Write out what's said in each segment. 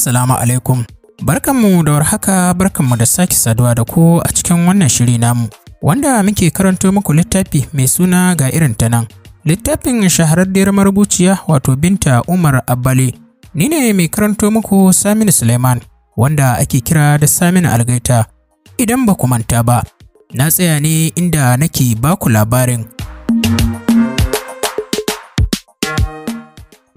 Assalamu alaikum. Barkanmu da warhaka, barkanmu da sake saduwa da ku a cikin wannan shiri namu, wanda muke karanto muku littafi mai suna ga irin ta nan. Littafin shahararriyar marubuciya wato Binta Umar Abbali. Ni ne mai karanto muku Saminu Suleiman, wanda ake kira da Saminu Algaita. Idan ba ku manta ba, na tsaya ne inda nake baku labarin.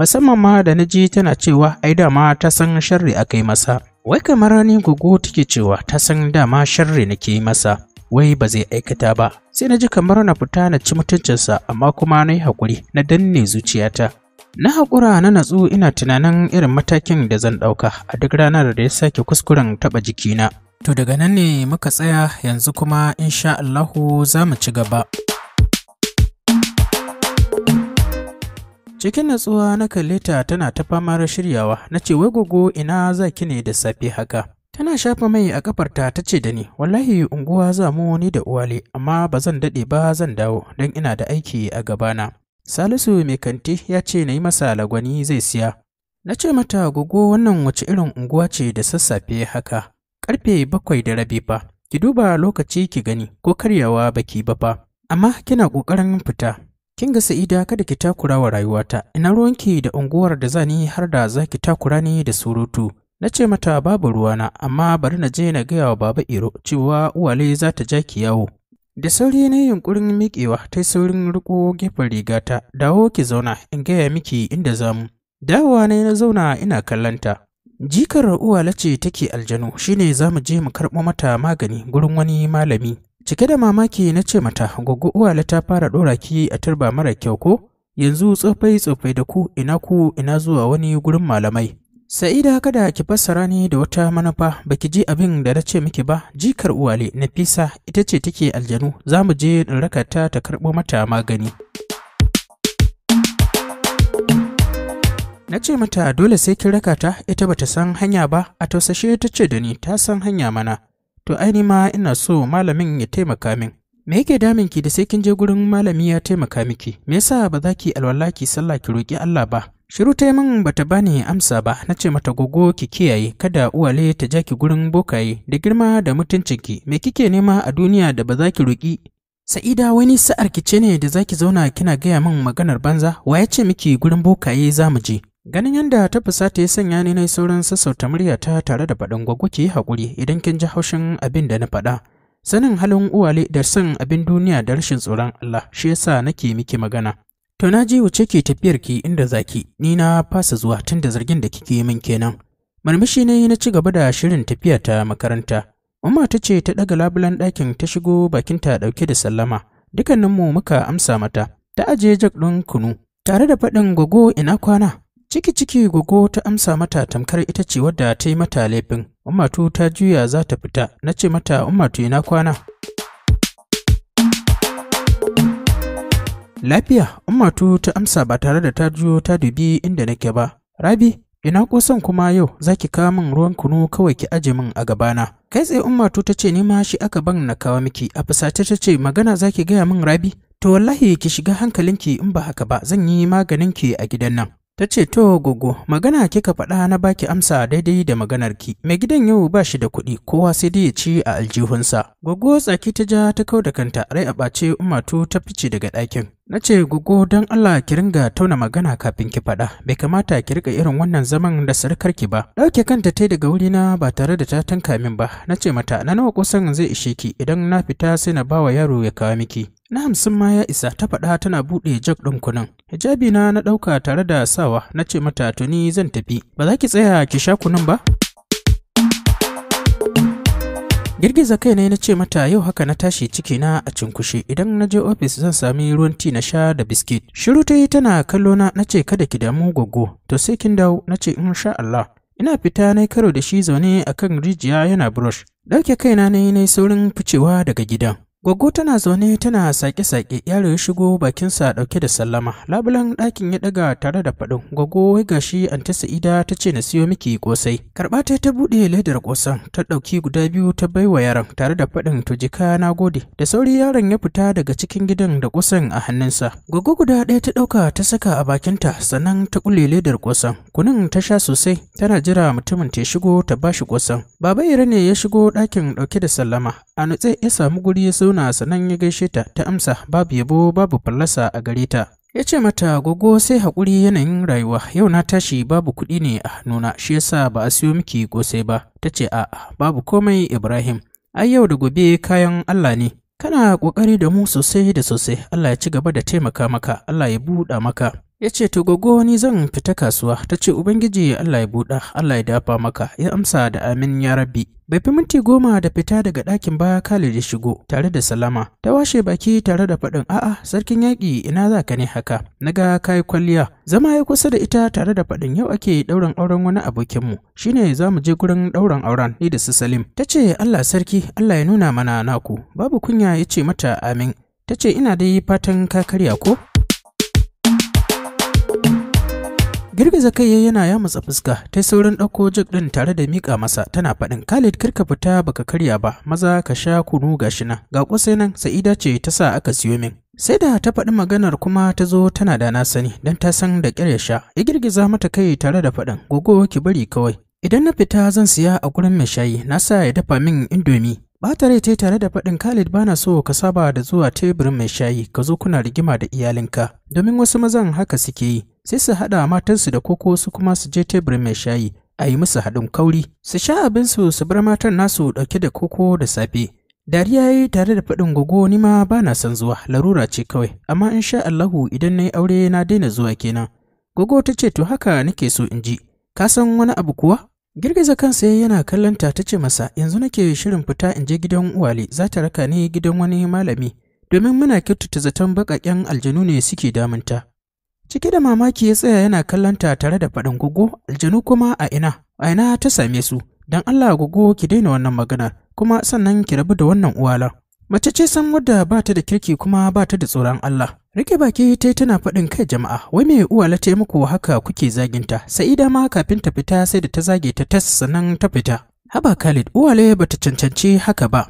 musamman ma da na ji tana cewa ai dama ta san sharri aka yi masa wai kamar rani gugu take cewa ta san dama sharri nake yi masa wai ba zai aikata ba sai na ji kamar na fita na ci mutuncinsa amma kuma na yi haƙuri na danne zuciyata na haƙura na natsu ina tunanin irin matakin da zan ɗauka a duk ranar da ya sake kuskuren taɓa jikina to daga nan ne muka tsaya yanzu kuma insha Allahu za mu ci gaba. Cikin natsuwa na kalle ta tana ta famar shiryawa, na ce wai gogo ina za ki ne da safe haka. Tana shafa mai a kafarta ta ce da ni, wallahi unguwa za mu ni da uwale, amma ba zan daɗe ba zan dawo don ina da aiki a gabana. Salisu mai kanti ya ce na yi masa lagwani zai siya. Na ce mata gogo wannan wace irin unguwa ce da sassafe haka, Karfe bakwai da rabi fa, ki duba lokaci ki gani ko karyawa baki ba fa, amma kina ƙoƙarin fita. Kin ga Sa'ida kada ki takura wa rayuwata, ina ruwanki da unguwar da zani har da zaki takura ni da surutu. Na ce mata babu ruwana, amma bari na je na gaya wa Baba Iro cewa uwale za ta ja ki yawo. Da sauri na yunkurin miƙewa ta saurin riƙo gefen rigata, dawo ki zauna in gaya miki inda zamu. Dawowa ne na zauna ina kallanta, jikar uwa ce take aljanu shine za mu je mu karɓo mata magani gurin wani malami cike da mamaki na ce mata uwa la ta fara ɗoraki ki a turba mara kyau ko yanzu tsofai tsofai da ku ina ku ina zuwa wani gurin malamai sa'ida kada ki fassara ni da wata manufa baki ji abin da na ce miki ba jikar uwale nafisa ita ce take aljanu za mu je in rakata ta ta karɓo mata magani Na ce mata dole sai kin raka ta ita bata san hanya ba a tausashe ta ce da ni ta san hanya mana. To ai ma ina so malamin ya taimaka min. Me yake damin ki da sai kin je gurin malami ya taimaka miki? Me yasa ba za ki alwala ki sallah ki roki Allah ba? Shiru ta min bata bani amsa ba, na ce mata gogo ki kiyaye kada uwale ta ja ki gurin bokaye da girma da mutuncin ki Me kike nema a duniya da ba za ki roki Sa'ida wani sa'ar ki ce ne da zaki zauna kina gaya min maganar banza, wa ya ce miki gurin bokaye za mu je? Ganin yadda ta fusata ya sanya ni na yi sauran sassauta muryata tare da faɗin gwaggo ke yi haƙuri idan kin ji haushin abin da na faɗa. Sanin halin uwale da son abin duniya da rashin tsoron Allah shi yasa nake miki magana. To na ji wuce ke tafiyar ki inda zaki ni na fasa zuwa tun da zargin da kike min kenan. Marmishi ne na ci gaba da shirin tafiya ta makaranta. Umma ta ce ta ɗaga labulan ɗakin ta shigo bakin ta ɗauke da sallama. Dukanninmu muka amsa mata. Ta ajiye jak ɗin kunu tare da faɗin gwago ina kwana. Ciki ciki gogo ta amsa mata tamkar ita ce wadda ta yi mata laifin. Ummatu ta juya za ta fita, na ce mata Ummatu ina kwana. Lafiya, Ummatu ta amsa ba tare da ta juyo ta dubi inda nake ba. Rabi, ina kusan kuma yau za ki kawo min ruwan kunu kawai ki aje min a gabana. Kai tsaye Ummatu ta ce ni shi aka ban na kawo miki, a fusace ta ce magana za ki gaya min Rabi. To wallahi ki shiga hankalinki in ba haka ba zan yi maganinki a gidan nan. Ta ce, To, gogo, magana kika faɗa na baki amsa daidai da maganar ki. Mai gidan yau ba shi da kuɗi, kowa sai dai ya ci a aljihunsa. Gogo tsaki ta ja ta kau da kanta, rai a ɓace umatu ta fice daga ɗakin. Na ce, Gogo, don Allah ki ringa tauna magana kafin ki faɗa, bai kamata ki riƙa irin wannan zaman da sarkarki ba. Ɗauke kanta tai daga wurina ba tare da ta tanka min ba, na ce mata, na nawa kusan zai ishe ki idan na fita sai na bawa yaro ya kawo miki. Na hamsin ma ya isa ta faɗa tana buɗe jak ɗin kunan. Hijabi na na ɗauka tare da sawa na ce mata tuni zan tafi. Ba za ki tsaya ki sha kunun ba? girgiza kai ne na ce mata yau haka na tashi ciki na a cinkushe idan na je ofis zan sami ruwan ti na sha da biskit shiru ta yi tana kallo na na ce kada ki damu gwaggo to sai kin dawo na ce in sha Allah ina fita na karo da shi zaune akan rijiya yana brush ɗauke kaina na yi saurin ficewa daga gidan Gwaggo tana zaune tana sake-sake yaro ya shigo bakinsa ɗauke da sallama. Labulan ɗakin ya ɗaga tare da faɗin gwaggo wai gashi anta Sa'ida ta ce na siyo miki kosai. Karɓa ta ta buɗe ledar kosan ta ɗauki guda biyu ta baiwa yaron tare da faɗin to jika na gode. Da sauri yaron ya fita daga cikin gidan da kosan a hannunsa. Gwaggo guda ɗaya ta ɗauka ta saka a bakinta sannan ta ƙule ledar kosan. Kunun ta sha sosai tana jira mutumin ta shigo ta bashi kosan. Baba Ire ne ya shigo ɗakin ɗauke da sallama. A nutse ya samu guri ya Kaduna sannan ya gaishe ta ta amsa babu yabo babu fallasa a gare ta ya ce mata gogo sai haƙuri yanayin rayuwa yau na tashi babu kuɗi ne a hannuna shi yasa ba a siyo miki kosai ba ta ce a'a babu komai ibrahim ai yau da gobe kayan allah ne kana ƙoƙari da mu sosai da sosai allah ya ci gaba da taimaka maka allah ya buɗa maka ya ce to gogo ni zan fita kasuwa ta ce ubangiji allah ya buɗa allah ya dafa maka ya amsa da amin ya rabbi bai fi minti goma da fita daga ɗakin ba kali ya shigo tare da salama ta washe baki tare da faɗin a'a sarkin yaƙi ina za ka ne haka na ga kai kwalliya zama ya kusa da ita tare da faɗin yau ake ɗaurin auren wani abokinmu shine za mu je gurin ɗaurin auren ni da su Salim ta ce Allah sarki Allah ya nuna mana naku babu kunya ya ce mata amin ta ce ina dai fatan ka karya ko girgiza kai ya yana ya matsa fuska ta saurin ɗauko jik ɗin tare da miƙa masa tana faɗin khalid kirka fita baka karya ba maza ka sha kunu gashi nan ga kusai nan sa'ida ce ta sa aka siyo min sai da ta faɗi maganar kuma ta zo tana da na sani don ta san da ƙyar ya sha ya girgiza mata kai tare da faɗin gogo ki bari kawai idan na fita zan siya a gurin mai shayi na sa ya dafa min indomi Bata rai tai tare da faɗin Khalid bana so ka saba da zuwa teburin mai shayi ka zo kuna rigima da iyalinka domin wasu mazan haka suke yi sai su haɗa matansu da koko su kuma su je teburin mai shayi a yi musu haɗin kauri su sha abinsu su bar matan nasu ɗauke da koko da safe Dariya yi tare da faɗin gogo ni ma ba na son zuwa, larura ce kawai, amma in sha Allahu idan na yi aure na daina zuwa kenan. Gogo ta ce to haka nake so in ji, ka san wani abu kuwa? girgiza kansa yana kallonta ta ce masa yanzu nake shirin fita in je gidan uwale za ta raka ni gidan wani malami domin muna kyautata zaton baƙaƙen aljanu ne suke damunta cike da mamaki ya tsaya yana kallonta tare da faɗin gugu aljanu kuma a ina a ina ta same su don allah gugu ki daina wannan magana kuma sannan ki rabu da wannan uwala Mace ce san wadda ba ta da kirki kuma ba ta da tsoron Allah. Rike baki ta yi tana faɗin kai jama'a, wai me Uwale ta muku haka kuke zaginta, sa'ida ma kafin ta fita sai da ta zage ta tas sannan ta fita. Haba Khalid, uwale ba ta cancanci haka ba.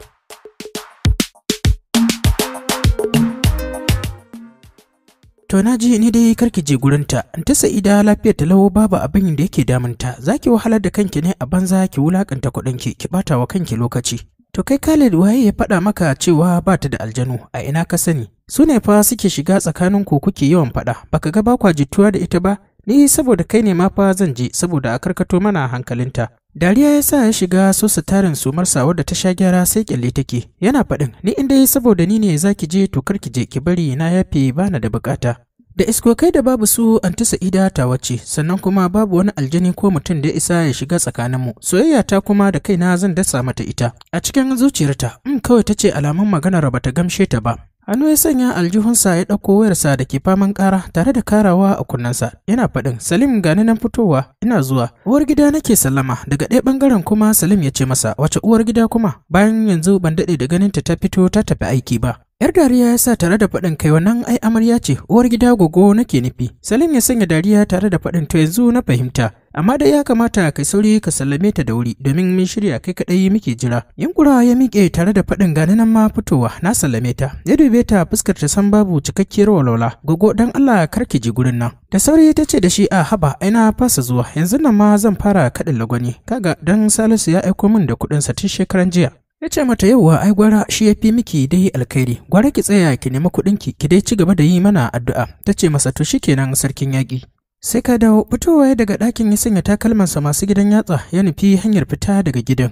To na ji ni dai karki je gurinta, ta sa'ida lafiyar ta lawo babu abin da yake damunta, za ki wahalar da kanki ne a banza ki wulakanta kuɗinki, ki ki bata wa kanki lokaci. To kai Khalid waye ya faɗa maka cewa ba ta da aljanu a ina ka sani? Su ne fa suke shiga tsakanin ku kuke yawan faɗa, baka ga ba kwa jituwa da ita ba? Ni saboda kai ne ma fa zan je saboda a karkato mana hankalinta. Dariya ya sa ya shiga so su tarin sumarsa wadda ta sha gyara sai kyalle take. Yana faɗin, ni in dai saboda ni ne za ki je to kar ki je ki bari na yafe bana da bukata. da iskokai da babu su anti sa'ida ta wace sannan kuma babu wani aljani ko mutum da ya isa ya shiga tsakaninmu soyayya ta kuma da kaina zan dasa mata ita a cikin zuciyarta in kawai ta ce alamun maganar ba ta gamshe ta ba hannu ya sanya aljihunsa ya ɗauko wayarsa da ke faman ƙara tare da karawa a kunnensa yana faɗin salim gani nan fitowa ina zuwa uwar gida nake sallama daga ɗaya ɓangaren kuma salim ya ce masa wace uwar gida kuma bayan yanzu ban daɗe da ganin ta ta fito ta tafi aiki ba Yar dariya ya sa tare da faɗin kai wannan ai amarya ce, uwar gida gogo nake nufi. Salim ya sanya dariya tare da faɗin to yanzu na fahimta. Amma dai ya kamata kai sauri ka sallame ta da wuri domin mun shirya kai kaɗai muke jira. Yankura ya miƙe tare da faɗin gani nan ma fitowa na sallame ta. Ya dube ta fuskar ta san babu cikakkiyar walwala. Gogo dan Allah kar ji gurin nan. Da sauri ta ce da shi a haba ai fasa zuwa yanzu nan ma zan fara kaɗin lagwani. Kaga dan Salisu ya aiko min da kuɗinsa tun shekaran jiya. ya ce mata yauwa ai gwara shi ya fi miki dai alkhairi gwara ki tsaya ki nemi kuɗinki ki dai ci gaba da yi mana addu'a ta ce masa to kenan sarkin yaƙi sai ka dawo fitowa ya daga ɗakin ya sanya takalmansa masu gidan yatsa ya nufi hanyar fita daga gidan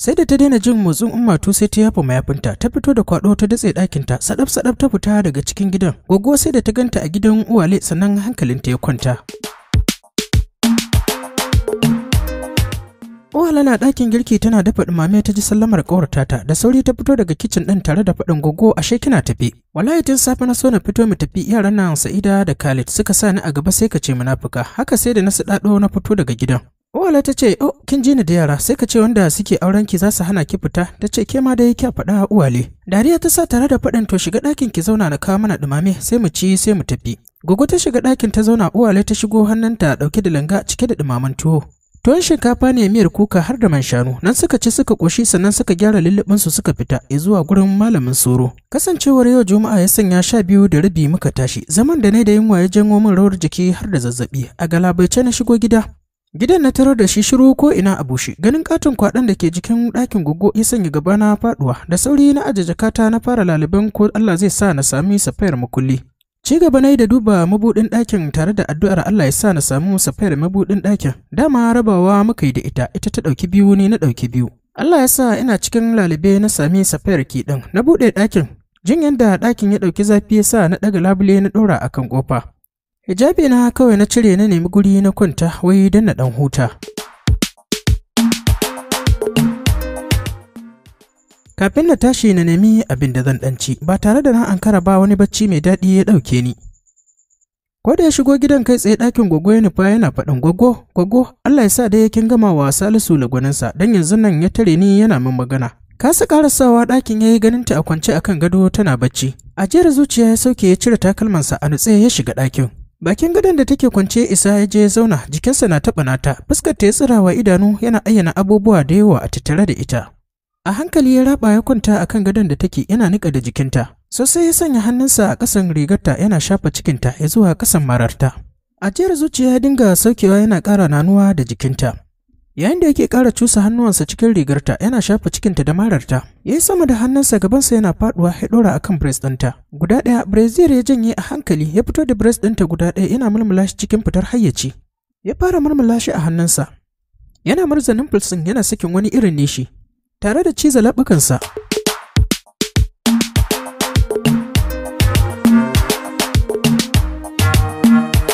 sai da ta daina jin motsin umma sai ta yafa mayafinta ta fito da kwaɗo ta datse ɗakinta sadaf sadaf ta fita daga cikin gidan goggo sai da ta ganta a gidan uwale sannan hankalinta ya kwanta Awala na ɗakin girki tana dafa ɗumame ta ji sallamar ƙawarta ta da sauri ta fito daga kicin ɗin tare da faɗin gogo ashe kina tafi. Wallahi tun safe na so na fito mu tafi yaran nan Sa'ida da Khalid suka sa ni a gaba sai ka ce munafuka haka sai da na su ɗaɗo na fito daga gidan. wala ta ce, "Oh, kin ji ni da yara, sai ka ce wanda suke auren ki za su hana ki fita." Ta ce, "Ke ma dai kya faɗa uwale." Dariya ta sa tare da faɗin to shiga ɗakin ki zauna na kawo mana ɗumame sai mu ci sai mu tafi. Gogo ta shiga ɗakin ta zauna uwale ta shigo hannunta ɗauke da langa cike da ɗumamen tuwo. tuwon shinkafa ne miyar kuka har da man shanu nan suka ci suka ƙoshi sannan suka gyara su suka fita zuwa gurin malamin soro kasancewar yau juma'a ya sanya sha biyu da rabi muka tashi zaman da ne da yunwa ya janwo min rawar jiki har da zazzabi a galabaice na shigo gida gidan na tarar da shi shiru ko ina a bushe ganin katon kwaɗon da ke jikin ɗakin gogo ya sanya gaba na faɗuwa da sauri na ajiye jakata na fara laliban ko allah zai sa na sami safayar makulli Ci gaba na yi da duba mabuɗin ɗakin tare da addu'ar Allah ya sa na samu safayar mabuɗin ɗakin. Dama rabawa muka yi da ita, ita ta ɗauki biyu ne na ɗauki biyu. Allah ya sa ina cikin lalibe na sami safayar ki ɗin. Na buɗe ɗakin, jin yadda ɗakin ya ɗauki zafi ya sa na ɗaga labule na ɗora a kan ƙofa. Hijabi na kawai na cire na nemi guri na kwanta wai don na ɗan huta. Kafin na tashi na nemi abin da zan ɗanci ba tare da na ankara ba wani bacci mai daɗi ya ɗauke ni. Ko da ya shigo gidan kai tsaye ɗakin gwaggo ya nufa yana faɗin gwaggo, gwaggo, Allah ya sa da yakin gama wa Salisu lagwaninsa don yanzu nan ya tare ni yana min magana. Kasa karasawa ɗakin ya yi ganinta a kwance a kan gado tana bacci. A jera zuciya ya sauke ya cire takalmansa a nutse ya shiga ɗakin. Bakin gadon da take kwance isa ya je ya zauna jikinsa na taɓa nata, fuskar ta ya tsirawa idanu yana ayyana abubuwa da yawa a tattare da ita. A hankali ya raba ya kwanta a kan gadon da take yana niƙa da jikinta, sosai ya sanya hannunsa a ƙasan rigarta yana shafa cikinta ya zuwa ƙasan mararta. Ajiyar zuciya ya dinga saukewa yana ƙara nanuwa da jikinta. Yayin da yake ƙara cusa hannuwansa cikin rigarta yana shafa cikinta da mararta, ya yi sama da hannunsa gabansa yana faɗuwa ya ɗora a kan bres ɗinta. Guda ɗaya, Brazil ya janye a hankali ya fito da bres ɗinta guda ɗaya yana mulmula shi cikin fitar hayyaci. Ya fara mulmula shi a hannunsa. Yana murza nimfilsin yana sakin wani irin nishi, tare da ciza laɓukansa.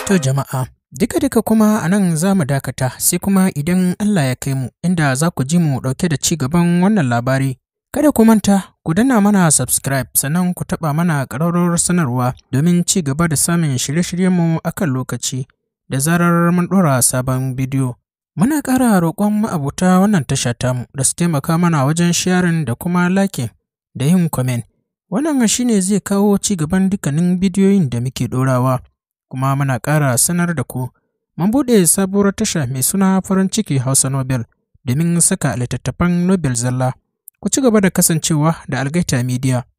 To jama'a, duka-duka kuma a nan za mu dakata sai kuma idan Allah ya kai mu inda za ku ji mu ɗauke da ci gaban wannan labari. Kada ku manta, ku danna mana subscribe sannan ku taɓa mana ƙararrawar sanarwa domin ci gaba da samun shirye-shiryenmu akan lokaci da zarar mun ɗora sabon bidiyo. Muna ƙara roƙon ma'abuta wannan tasha tamu da su taimaka mana wajen sharing da kuma liking da yin comment. Wannan shi ne zai kawo ci gaban dukkanin bidiyoyin da muke ɗorawa. Kuma muna ƙara sanar da ku, mun buɗe sabuwar tasha mai suna farin ciki Hausa Nobel domin saka littattafan Nobel zalla. Ku ci gaba da kasancewa da Algaita Media.